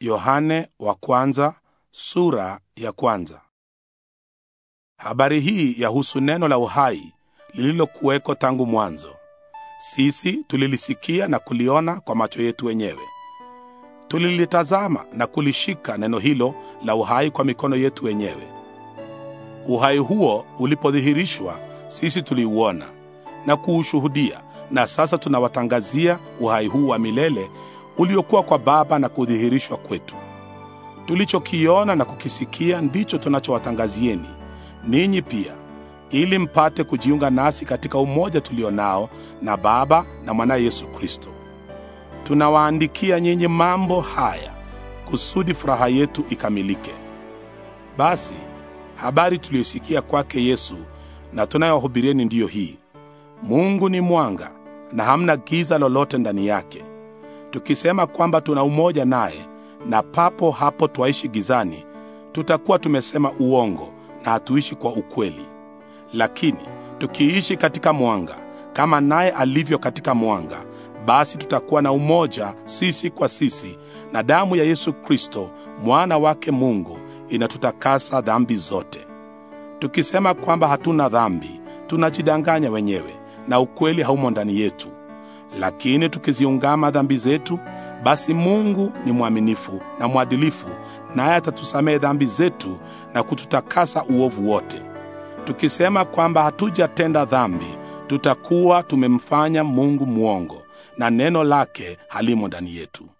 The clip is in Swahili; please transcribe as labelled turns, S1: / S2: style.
S1: Yohane wa kwanza sura ya kwanza. Habari hii yahusu neno la uhai lililokuweko tangu mwanzo. Sisi tulilisikia na kuliona kwa macho yetu wenyewe, tulilitazama na kulishika neno hilo la uhai kwa mikono yetu wenyewe. Uhai huo ulipodhihirishwa, sisi tuliuona na kuushuhudia, na sasa tunawatangazia uhai huu wa milele uliokuwa kwa Baba na kudhihirishwa kwetu. Tulichokiona na kukisikia ndicho tunachowatangazieni ninyi pia, ili mpate kujiunga nasi katika umoja tulio nao na Baba na Mwana Yesu Kristo. Tunawaandikia nyinyi mambo haya kusudi furaha yetu ikamilike. Basi habari tuliyosikia kwake Yesu na tunayohubirieni ndiyo hii: Mungu ni mwanga na hamna giza lolote ndani yake. Tukisema kwamba tuna umoja naye na papo hapo twaishi gizani, tutakuwa tumesema uongo na hatuishi kwa ukweli. Lakini tukiishi katika mwanga kama naye alivyo katika mwanga, basi tutakuwa na umoja sisi kwa sisi, na damu ya Yesu Kristo mwana wake Mungu inatutakasa dhambi zote. Tukisema kwamba hatuna dhambi, tunajidanganya wenyewe na ukweli haumo ndani yetu. Lakini tukiziungama dhambi zetu, basi Mungu ni mwaminifu na mwadilifu, naye atatusamehe dhambi zetu na kututakasa uovu wote. Tukisema kwamba hatujatenda dhambi, tutakuwa tumemfanya Mungu mwongo na neno lake halimo ndani yetu.